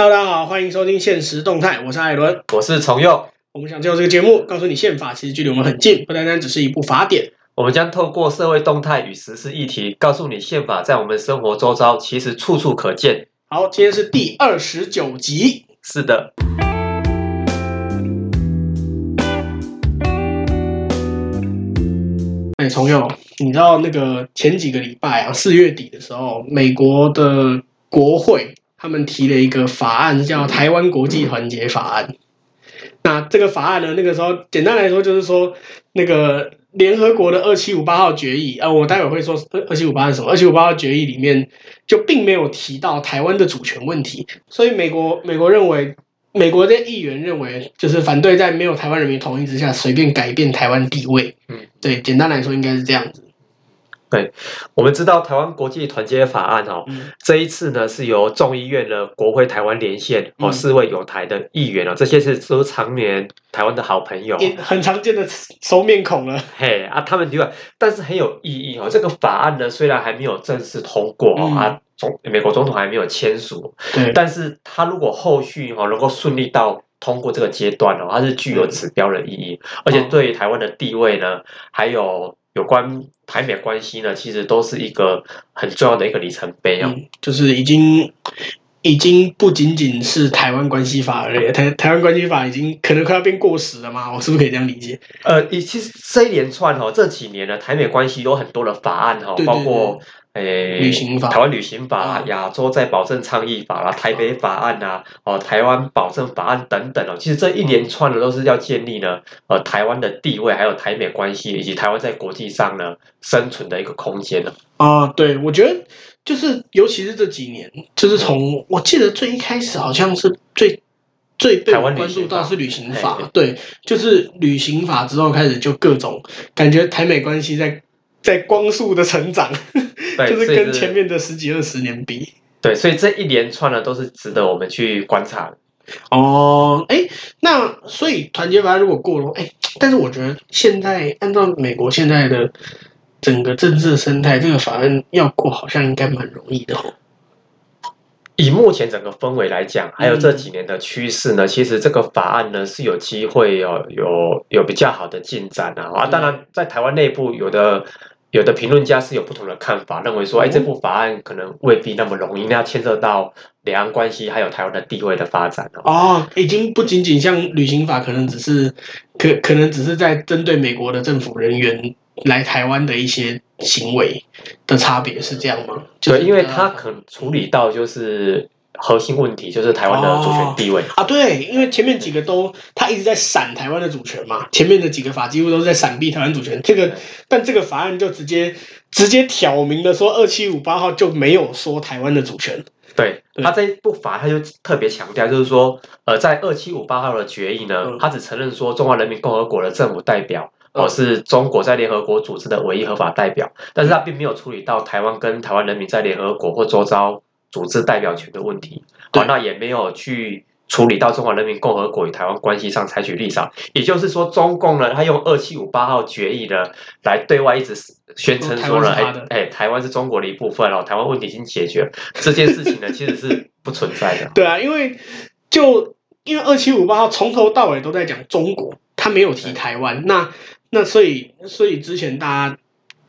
Hello，大家好，歡迎收聽現實動態，我是艾倫，我是重佑。我們想借這個節目，告訴你憲法其實距離我們很近，不單單只是一部法典。我們將透過社會動態與時事議題，告訴你憲法在我們生活周遭其實處處可見。好，今天是第二十九集。是的。哎、欸，重佑，你知道那個前幾個禮拜啊，四月底的時候，美國的國會。他們提了一個法案，叫《台灣國際團結法案》。那這個法案呢，那個時候，簡單來說就是說，那個聯合國的二七五八號決議，啊，我待會會說二七五八是什麼。二七五八號決議裡面就並沒有提到台灣的主權問題，所以美國美國認為，美國的議員認為，就是反對在沒有台灣人民同意之下，隨便改變台灣地位。嗯，對，簡單來說應該是這樣子。對，我們知道台灣國際團結法案哦，嗯、這一次呢，是由眾議院的國會台灣連線哦，嗯、四位友台的議員哦，這些是都常年台灣的好朋友，很常見的熟面孔啊，嘿啊，他們就管，但是很有意義哦。這個法案呢，雖然還沒有正式通過哦，嗯、啊，總美國總統還沒有簽署，嗯、但是他如果後續哦能夠順利到通過這個階段哦，它是具有指標的意義，嗯、而且對於台灣的地位呢，哦、還有。有關台美關係呢，其實都是一個很重要的一個里程碑啊、哦嗯，就是已經已經不僅僅是台灣關係法而已，台台灣關係法已經可能快要變過時了嘛？我是不是可以這樣理解？呃，其實這一連串哈、哦、這幾年呢，台美關係有很多的法案哈、哦，包括。誒、欸，台灣旅行法亞、啊啊、洲再保證倡議法啦、啊，台北法案吶、啊，哦、啊呃，台灣保證法案等等哦、喔，其實這一連串的都是要建立呢，啊、呃，台灣的地位，還有台美關係以及台灣在國際上呢生存的一個空間呢。啊、呃，對，我覺得就是尤其是這幾年，就是從我記得最一開始好像是最最被關注到的是旅行法，旅行法對對對，對，就是旅行法之後開始就各種感覺台美關係在。在光速的成長， 就是跟前面的十幾二十年比，對，對，所以這一連串的都是值得我們去觀察哦。哎，那所以團結法案如果過了，哎，但是我覺得現在按照美國現在的整個政治生態，這個法案要過好像應該蠻很容易的、哦。以目前整個氛圍來講，還有這幾年的趨勢呢，嗯、其實這個法案呢是有機會有有有比較好的進展啊。嗯、啊，當然在台灣內部有的。有的評論家是有不同的看法，認為說，哎，這部法案可能未必那麼容易，那要牽涉到兩岸關係還有台灣的地位的發展哦。已經不僅僅像旅行法，可能只是可可能只是在針對美國的政府人員來台灣的一些行為的差別，是這樣嗎？就是，對，因為他可能處理到就是。核心問題就是台灣的主權地位、哦、啊，對，因為前面幾個都他一直在閃台灣的主權嘛，前面的幾個法幾乎都是在閃避台灣主權，這個但這個法案就直接直接挑明了說二七五八號就沒有說台灣的主權，對，他這一步法，他就特別強調就是說呃在二七五八號的決議呢，他只承認說中華人民共和國的政府代表，我、嗯哦、是中國在聯合國組織的唯一合法代表，但是他並沒有處理到台灣跟台灣人民在聯合國或周遭。組織代表權的問題，好、哦，那也沒有去處理到中華人民共和國與台灣關係上採取立場。也就是說，中共呢，他用二七五八號決議的來對外一直宣稱說了、哦。哎，哎，台灣是中國的一部分哦，台灣問題已經解決，這件事情呢，其實是不存在的。 對啊，因為就因為二七五八號從頭到尾都在講中國，他沒有提台灣。那那所以所以之前大家。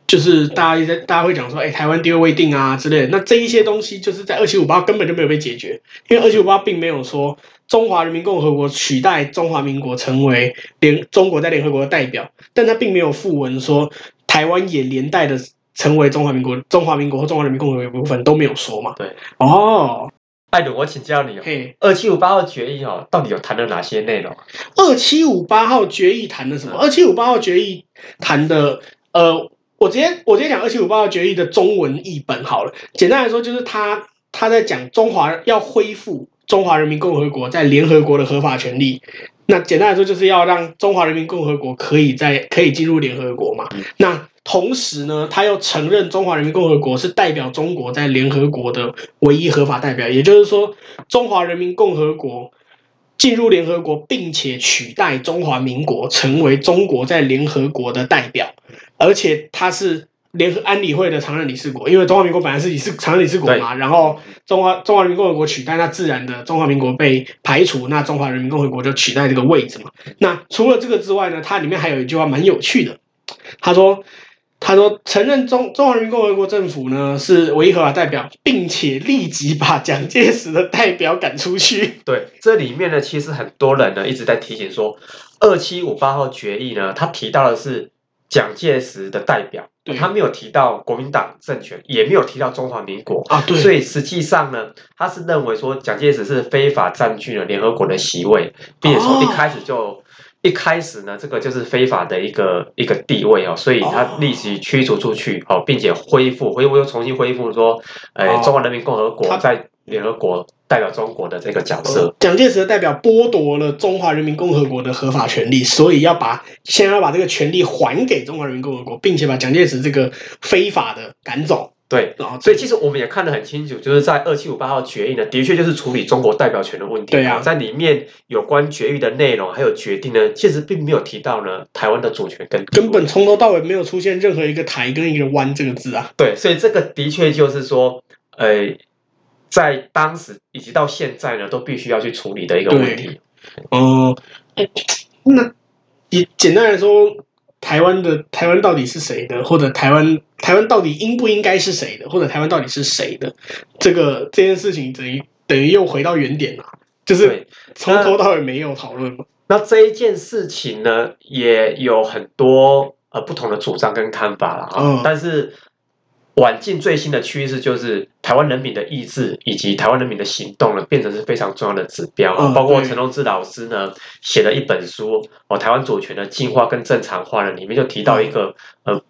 就是大家在大家會講說，哎、欸，台灣地位未定啊之類。那這一些東西就是在二七五八根本就沒有被解決，因為二七五八並沒有說中華人民共和國取代中華民國成為聯中國在聯合國的代表，但他並沒有附文說台灣也連帶的成為中華民國。中華民國和中華人民共和國的部分都沒有說嘛。對，哦，拜託，我請教你嘿、哦，二七五八號決議哦，到底有談了哪些內容？二七五八號決議談的什麼？二七五八號決議談的呃。我直接我直接講《二七五八決議》的中文譯本好了。簡單來說，就是他他在講中華要恢復中華人民共和國在聯合國的合法權利。那簡單來說，就是要讓中華人民共和國可以在可以進入聯合國嘛。那同時呢，他又承認中華人民共和國是代表中國在聯合國的唯一合法代表。也就是說，中華人民共和國進入聯合國，並且取代中華民國成為中國在聯合國的代表。而且他是聯合安理會的常任理事國，因為中華民國本來是理事常任理事國嘛，然後中華中華人民共和國取代那自然的中華民國被排除，那中華人民共和國就取代這個位置嘛。那除了這個之外呢，它裡面還有一句話蠻有趣的，他說：“他說承認中中華人民共和國政府呢是唯一合法代表，並且立即把蔣介石的代表趕出去。”對，這裡面呢其實很多人呢一直在提醒說，二七五八號決議呢，他提到的是。蔣介石的代表，他沒有提到國民黨政權，也沒有提到中華民國啊，對，所以實際上呢，他是認為說蔣介石是非法佔據了聯合國的席位，並且從一開始就、哦、一開始呢，這個就是非法的一個一個地位哦，所以他立即驅逐出去哦，並且恢復，恢復又重新恢復說，哎、中華人民共和國在聯合國。哦代表中國的這個角色，呃、蔣介石的代表剝奪了中華人民共和國的合法權利，所以要把先要把這個權利還給中華人民共和國，並且把蔣介石這個非法的趕走。對，然後所以，所以其實我們也看得很清楚，就是在二七五八號決議呢，的確就是處理中國代表權的問題。對呀、啊，在裡面有關決議的內容還有決定呢，其實並沒有提到呢台灣的主權跟主權根本從頭到尾沒有出現任何一個台跟一個灣這個字啊。對，所以這個的確就是說，呃。在當時以及到現在呢，都必須要去處理的一個問題。嗯、呃，那也簡單來說，台灣的台灣到底是誰的，或者台灣台灣到底應不應該是誰的，或者台灣到底是誰的，這個這件事情等於等於又回到原點了，就是從頭到尾沒有討論。那這一件事情呢，也有很多呃不同的主張跟看法了啊、呃，但是。晚近最新的趨勢就是台灣人民的意志以及台灣人民的行動呢，變成是非常重要的指標。哦、包括陳隆志老師呢寫了一本書《哦台灣主權的進化跟正常化》呢，裡面就提到一個、嗯、呃，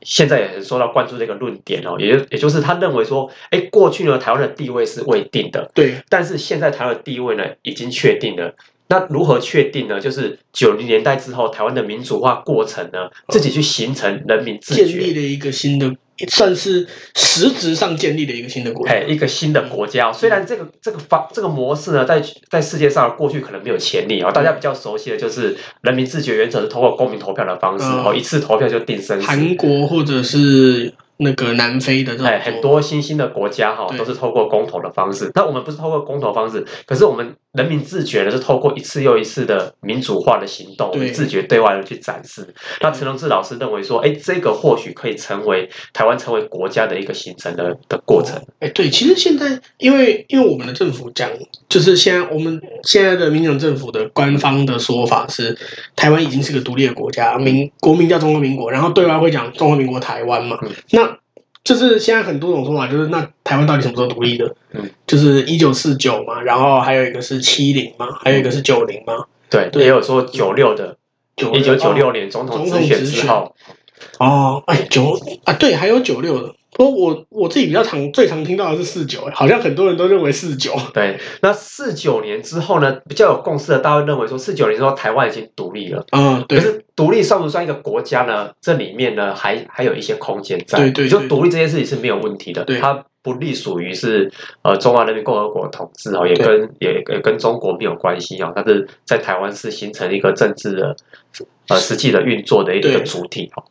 現在也很受到關注的一個論點哦，也就也就是他認為說，哎、欸，過去呢台灣的地位是未定的，對，但是現在台灣的地位呢已經確定了。那如何確定呢？就是九零年代之後，台灣的民主化過程呢，自己去形成人民自決，建立了一個新的。算是實質上建立了一個新的國家，哎，一個新的國家。雖然這個這個方這個模式呢，在在世界上過去可能沒有前例啊。大家比較熟悉的，就是人民自決，原則是通過公民投票的方式，然、呃、後一次投票就定生死。韓國或者是那個南非的，哎，很多新興的國家哈，都是透過公投的方式。那我們不是透過公投方式，可是我們。人民自覺呢，是透過一次又一次的民主化的行動，對自覺、對外人去展示。那陳隆志老師認為說，哎，這個或許可以成為台灣成為國家的一個形成的的過程。哎，對，其實現在因為因為我們的政府講，就是現在我們現在的民選政府的官方的說法是，台灣已經是個獨立的國家，民國名叫中華民國，然後對外會講中華民國台灣嘛。那就是現在很多種說法，就是那台灣到底什麼時候獨立的？嗯，就是一九四九嘛，然後還有一個是七零嘛，嗯，還有一個是九零嘛，對，對，也有說九六的，一九九六年總統選，哦，總統選舉。哦，哎，九啊，對，還有九六的。我我我自己比較常最常聽到的是四九，好像很多人都認為四九。對，那四九年之後呢，比較有共識的，大家認為說四九年之後台灣已經獨立了。嗯、啊，對。可是獨立算不算一個國家呢？這裡面呢，還還有一些空間在。對對，對。就獨立這件事情是沒有問題的。它不隸屬於是呃中華人民共和國統治哦，也跟也，也跟中國沒有關係哦。但是在台灣是形成一個政治的呃實際的運作的一個主體哦。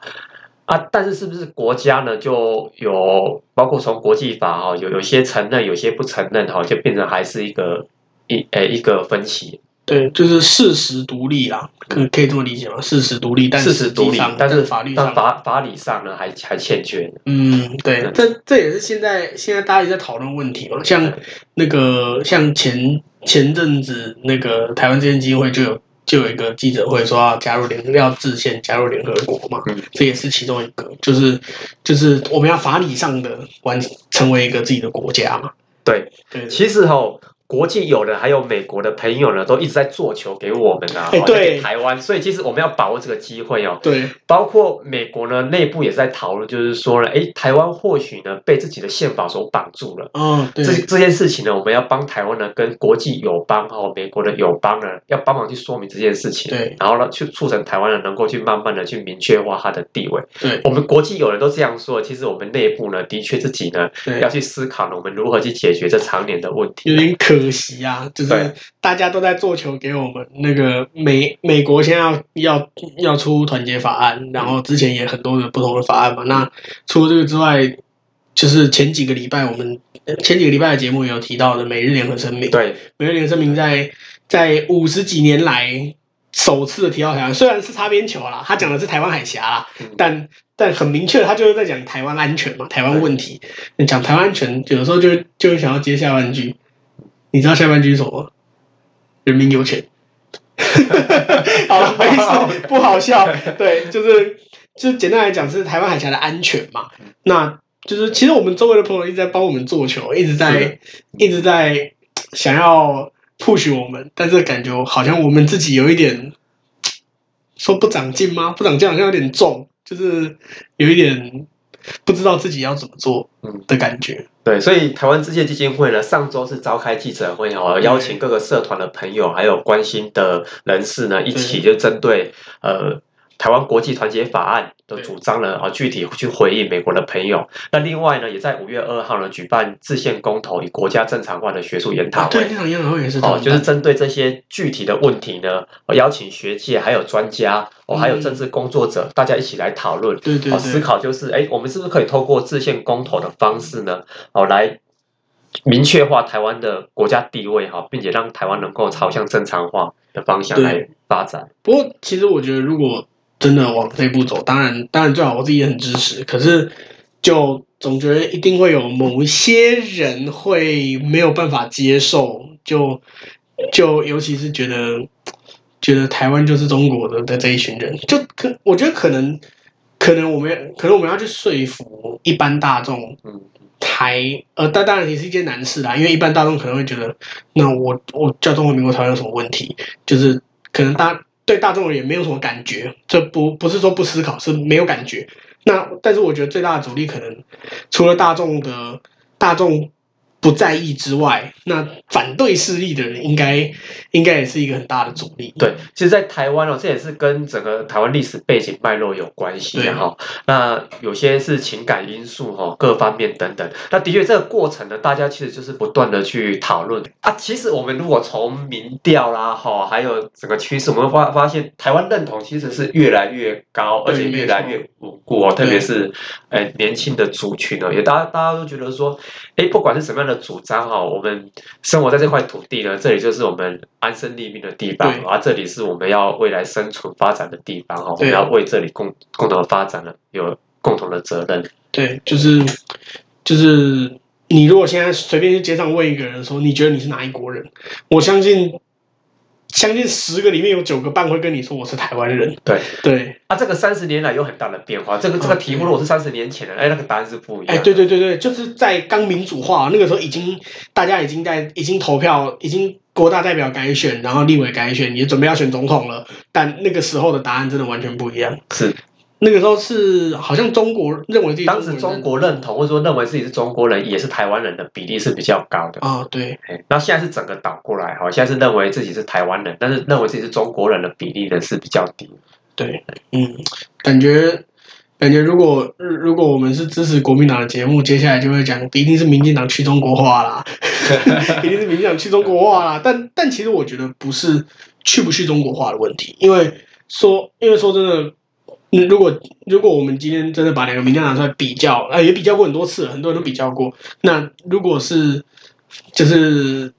啊，但是是不是國家呢？就有包括從國際法哈，有有些承認，有些不承認哈，就變成還是一個一誒、欸、一個分歧。對，就是事實獨立啦，啊，可可以這麼理解嗎？事實獨立，事實獨立，但是，但是但法律上但法法理上呢，還還欠缺。嗯，對，這這也是現在現在大家一直在討論問題嘛，像那個像前前陣子那個台灣基金會就有。就有一個記者會說要加入聯要制憲加入聯合國嘛、嗯，這也是其中一個，就是就是我們要法理上的完成為一個自己的國家嘛。嗯、對，其實吼。國際友人還有美國的朋友呢，都一直在做球給我們啊，欸、對，給台灣。所以其實我們要把握這個機會哦、喔。對。包括美國呢，內部也在討論，就是說呢，哎、欸，台灣或許呢被自己的憲法所綁住了。嗯、哦。這這件事情呢，我們要幫台灣呢，跟國際友邦和、喔、美國的友邦呢，要幫忙去說明這件事情。對。然後呢，去促成台灣呢，能夠去慢慢的去明確化它的地位。對。我們國際友人都這樣說，其實我們內部呢，的確自己呢，要去思考呢，我們如何去解決這長年的問題。可惜啊，就是大家都在做球給我們。那個美美國現在要要要出團結法案，然後之前也很多的不同的法案嘛。嗯、那除了這個之外，就是前幾個禮拜我們前幾個禮拜的節目有提到的《每日聯合聲明》。對，《每日聯合聲明在》在在五十幾年來首次的提到台灣，雖然是擦邊球啦，他講的是台灣海峽，啦，嗯、但但很明確，他就是在講台灣安全嘛，台灣問題。講台灣安全，有時候就就想要接下文句。你知道下半句是什麼？人民有錢。 好，好，不好意思，好好好不好笑。 對，就是，就是簡單來講，是台灣海峽的安全嘛。那就是，其實我們周圍的朋友一直在幫我們做球，一直在，一直在想要 push 我們，但是感覺好像我們自己有一點說不長進嗎？不長進好像有點重，就是有一點。不知道自己要怎麼做，嗯的感覺。對，所以台灣制憲基金會呢，上周是召開記者會，哦，邀請各個社團的朋友、嗯，還有關心的人士呢，一起就針對,對呃。台灣國際團結法案的主張呢？而、啊、具體去回應美國的朋友。那另外呢，也在五月二號呢舉辦制憲公投與國家正常化的學術研討會。這場研討會也是哦、啊，就是針對這些具體的問題呢，啊、邀請學界還有專家，哦、啊，還有政治工作者，嗯、大家一起來討論，對對、對、啊，思考就是，哎、欸，我們是不是可以透過制憲公投的方式呢？哦、啊，來明確化台灣的國家地位哈、啊，並且讓台灣能夠朝向正常化的方向來發展。不過，其實我覺得如果真的往這一步走，當然，當然最好，我自己也很支持。可是，就總覺得一定會有某一些人會沒有辦法接受，就就尤其是覺得覺得台灣就是中國的的這一群人，就可我覺得可能可能我們可能我們要去說服一般大眾，台呃，但當然也是一件難事啦。因為一般大眾可能會覺得，那我我叫中華民國台灣有什麼問題？就是可能大。對大眾也沒有什麼感覺，這不不是說不思考，是沒有感覺。那但是我覺得最大的阻力可能除了大眾的大眾。不在意之外，那反對勢力的人應該應該也是一個很大的阻力。對，其實，在台灣哦，這也是跟整個台灣歷史背景脈絡有關係哈、哦。那有些是情感因素哈、哦，各方面等等。那的確，這個過程呢，大家其實就是不斷的去討論啊。其實，我們如果從民調啦哈、哦，還有整個趨勢，我們會發發現，台灣認同其實是越來越高，而且越來越穩固哦。特別是、哎、年輕的族群呢、哦，也大家大家都覺得說，哎，不管是什麼樣的主張哈，我們生活在這塊土地呢，這裡就是我們安身立命的地方，而、啊、這裡是我們要未來生存發展的地方哈，我們要為這裡共共同的發展呢，有共同的責任。對，就是就是，你如果現在隨便去街上問一個人的時候，你覺得你是哪一國人？我相信。將近十個裡面有九個半會跟你說我是台灣人，對對。啊，這個三十年來有很大的變化。這個、嗯、這個題目如果是三十年前的，哎、嗯欸，那個答案是不一樣。哎、欸，對對對對，就是在剛民主化那個時候，已經大家已經在已經投票，已經國大代表改選，然後立委改選，也準備要選總統了。但那個時候的答案真的完全不一樣，是。那個時候是好像中國認為自己當時中國認同或者說認為自己是中國人也是台灣人的比例是比較高的，啊、哦，對。然後現在是整個倒過來，好像，現在是認為自己是台灣人，但是認為自己是中國人的比例呢是比較低。對，嗯，感覺感覺如果如果我們是支持國民黨的節目，接下來就會講一定是民進黨去中國化啦，一定是民進黨去中國化啦， 啦。但但其實我覺得不是去不去中國化的問題，因為說因為說真的。那如果如果我們今天真的把兩個民調拿出來比較，啊，也比較過很多次了，很多人都比較過。那如果是就是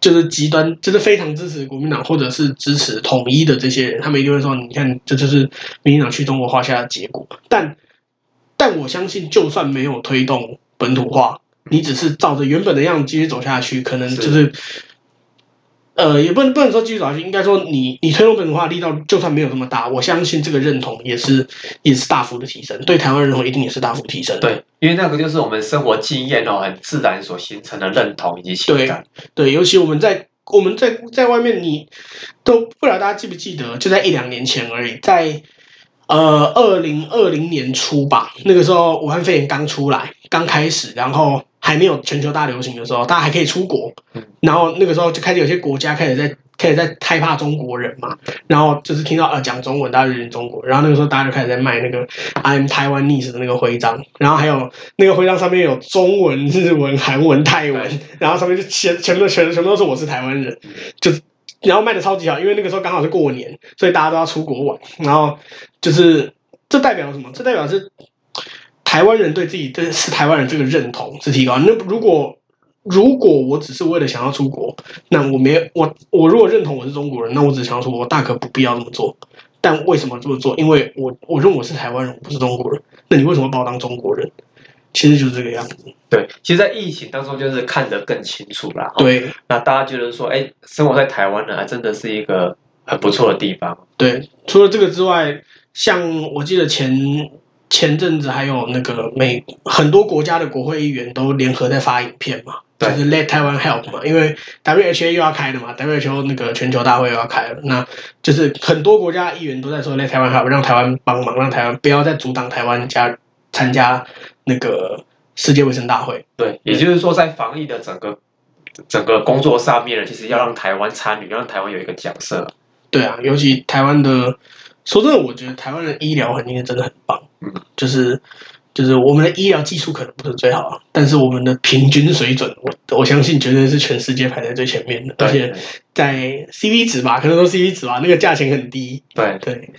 就是極端，就是非常支持國民黨或者是支持統一的這些人，他們一定會說：你看，這就，就是民進黨去中國化下的結果。但但我相信，就算沒有推動本土化，你只是照着原本的樣子繼續走下去，可能就是。是呃，也不能不能說繼續走下去，應該說你你推動本土化力道，就算沒有那麼大，我相信這個認同也是也是大幅的提升，對台灣認同一定也是大幅提升。對，因為那個就是我們生活經驗哦，很自然所形成的認同以及情感。對，對尤其我們在我們在在外面你，你都不知道大家記不記得？就在一兩年前而已，在呃二零二零年初吧，那個時候武漢肺炎剛出來，剛開始，然後。還沒有全球大流行的時候，大家還可以出國。然後那個時候就開始有些國家開始在開始在害怕中國人嘛。然後就是聽到呃講中文，大家就認中國。然後那個時候大家就開始在賣那個 I'm Taiwanese 的那個徽章。然後還有那個徽章上面有中文、日文、韓文、泰文。然後上面就全全部都全全部都是我是台灣人。就然後賣的超級好，因為那個時候剛好是過年，所以大家都要出國玩。然後就是這代表什麼？這代表是。台灣人對自己的是台灣人這個認同是提高。那如果如果我只是為了想要出國，那我沒有我我如果認同我是中國人，那我只想要說，我大可不必要這麼做。但為什麼這麼做？因為我我認為我是台灣人，我不是中國人。那你為什麼把我當中國人？其實就是這個樣子。對，其實，在疫情當中，就是看得更清楚啦。對。那大家覺得說，哎，生活在台灣呢，真的是一個很不錯的地方。對。除了這個之外，像我記得前。前陣子還有那個美很多國家的國會議員都聯合在發影片嘛，對，就是 Let Taiwan Help 嘛，因為 WHA 又要開了嘛，WHO 那個全球大會又要開了，那就是很多國家議員都在說 Let Taiwan Help，讓台灣幫忙，讓台灣不要再阻擋台灣加參加那個世界衛生大會。對，也就是說在防疫的整個整個工作上面，其實要讓台灣參與，讓台灣有一個角色。對啊，尤其台灣的，說真的，我覺得台灣的醫療環境是真的很棒。嗯、就是，就是我們的醫療技術可能不是最好，但是我們的平均水準我，我我相信絕對是全世界排在最前面的。而且在 C V 值吧，可能都 C V 值吧，那個價錢很低。對對。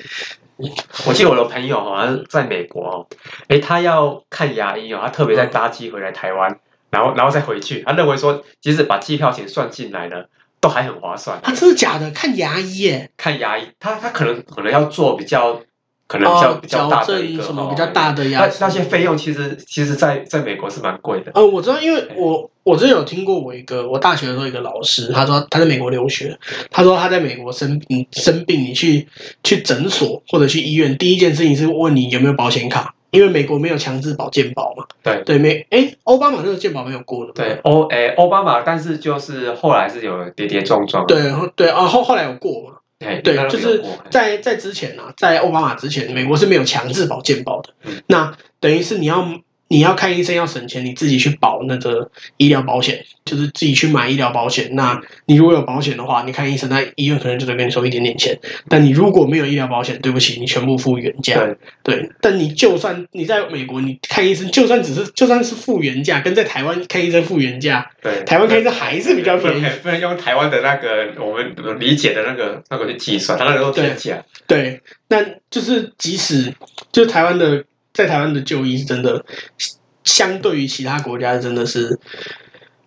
我記得我的朋友好像在美國哦，誒，他要看牙醫哦，他特別在搭機回來台灣，嗯、然後然後再回去，他認為說，即使把機票錢算進來了，都還很划算。他真的假的，看牙醫耶。看牙醫，他他可能可能要做比較。可能交交這什麼比較大的呀，哦？那那些費用其實其實在，在在美國是蠻貴的。呃，我知道，因為我我真的有聽過我一個我大學的時候一個老師，他說他在美國留學，他說他在美國生病生病，你去去診所或者去醫院，第一件事情是問你有沒有保險卡，因為美國沒有強制保健保嘛。對對，沒，哎、欸，奧巴馬那個健保沒有過了。對，歐哎，奧巴馬，但是就是後來是有跌跌撞撞。對對啊，後後來有過嘛。對,對，就是在在之前啊，在奧巴馬之前，美國是沒有強制保健保的。嗯、那等於是你要。你要看醫生要省錢，你自己去保那個醫療保險，就是自己去買醫療保險。那你如果有保險的話，你看醫生，那醫院可能就得給你收一點點錢。但你如果沒有醫療保險，對不起，你全部付原價。對，但你就算你在美國，你看醫生，就算只是，就算是付原價，跟在台灣看醫生付原價，對，台灣看醫生還是比較便宜。不能用台灣的那個我們理解的那個那個去計算，他那時候對，對，那就是即使就台灣的。在台灣的就醫真的相對於其他國家真的是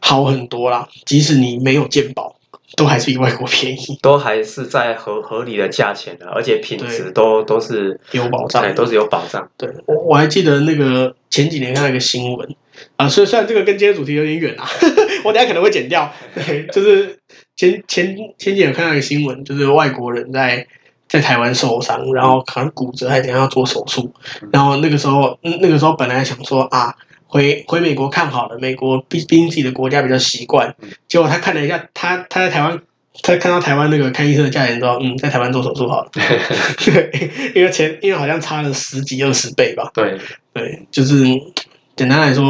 好很多啦，即使你沒有健保，都還是比外國便宜，都還是在合合理的價錢的，啊，而且品質都都是有保障的，對，都是有保障。對，我我還記得那個前幾年看到一個新聞啊，所以雖然這個跟今天主題有點遠啊， 我等下可能會剪掉。對，就是前前前幾年看到一個新聞，就是外國人在。在台灣受傷，然後可能骨折，還怎樣要做手術，然後那個時候，那個時候本來想說啊，回回美國看好了，美國畢竟自己的國家比較習慣。結果他看了一下，他他在台灣，他看到台灣那個看醫生的價錢之後，嗯，在台灣做手術好了，對， 因為錢，因為好像差了十幾二十倍吧。對，對，就是簡單來說，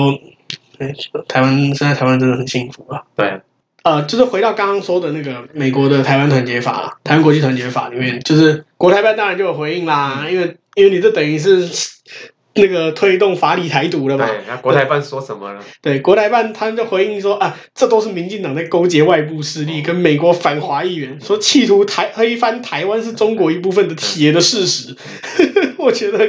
哎，台灣現在台灣真的很幸福啊。對。呃，就是回到剛剛說的那個美國的《台灣團結法》《台灣國際團結法》裡面，就是國台辦當然就有回應啦，因為因為你這等於是那個推動法理台獨了嘛。對、啊，國台辦說什麼了？對，國台辦他們就回應說啊，這都是民進黨在勾結外部勢力跟美國反華議員，說企圖台黑翻台灣是中國一部分的鐵的事實。 我覺得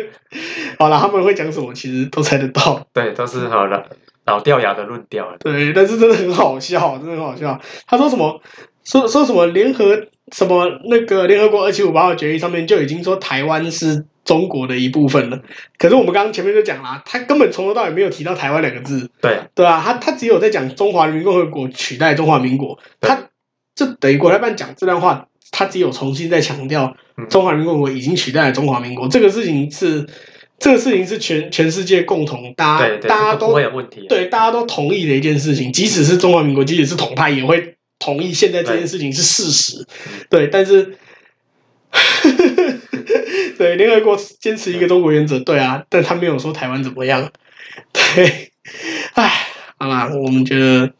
好了，他們會講什麼，其實都猜得到。對，都是好了。老掉牙的論調了，對，但是真的很好笑，真的很好笑。他說什麼說說什麼聯合什麼那個聯合國二七五八號決議上面就已經說台灣是中國的一部分了，嗯、可是我們剛剛前面就講了，他根本從頭到尾沒有提到台灣兩個字，對啊，對啊，他他只有在講中華人民共和國取代中華民國，他就等於國台辦講這段話，他只有重新在強調中華人民共和國已經取代了中華民國、嗯、這個事情是。這個事情是全全世界共同，大家對對大家都，都不會有問題，對大家都同意的一件事情，即使是中華民國，即使是統派也會同意。現在這件事情是事實，對。對但是 對聯合國堅持一個中國原則，對啊，但他沒有說台灣怎麼樣，對。哎，好啦，我們覺得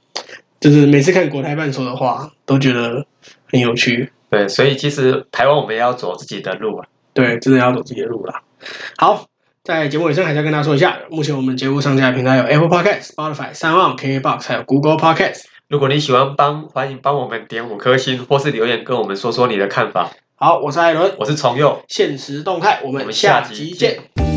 就是每次看國台辦說的話，都覺得很有趣，對。所以其實台灣我們也要走自己的路啊，對，真的要走自己的路啦、啊。好。在節目尾聲，還是要跟大家說一下，目前我們節目上架的平台有 Apple Podcast、Spotify、SoundOn、KKBOX，還有 Google Podcast。如果你喜歡幫，歡迎幫我們點五顆星，或是留言跟我們說說你的看法。好，我是艾倫，我是崇佑，限時動態，我們下集見。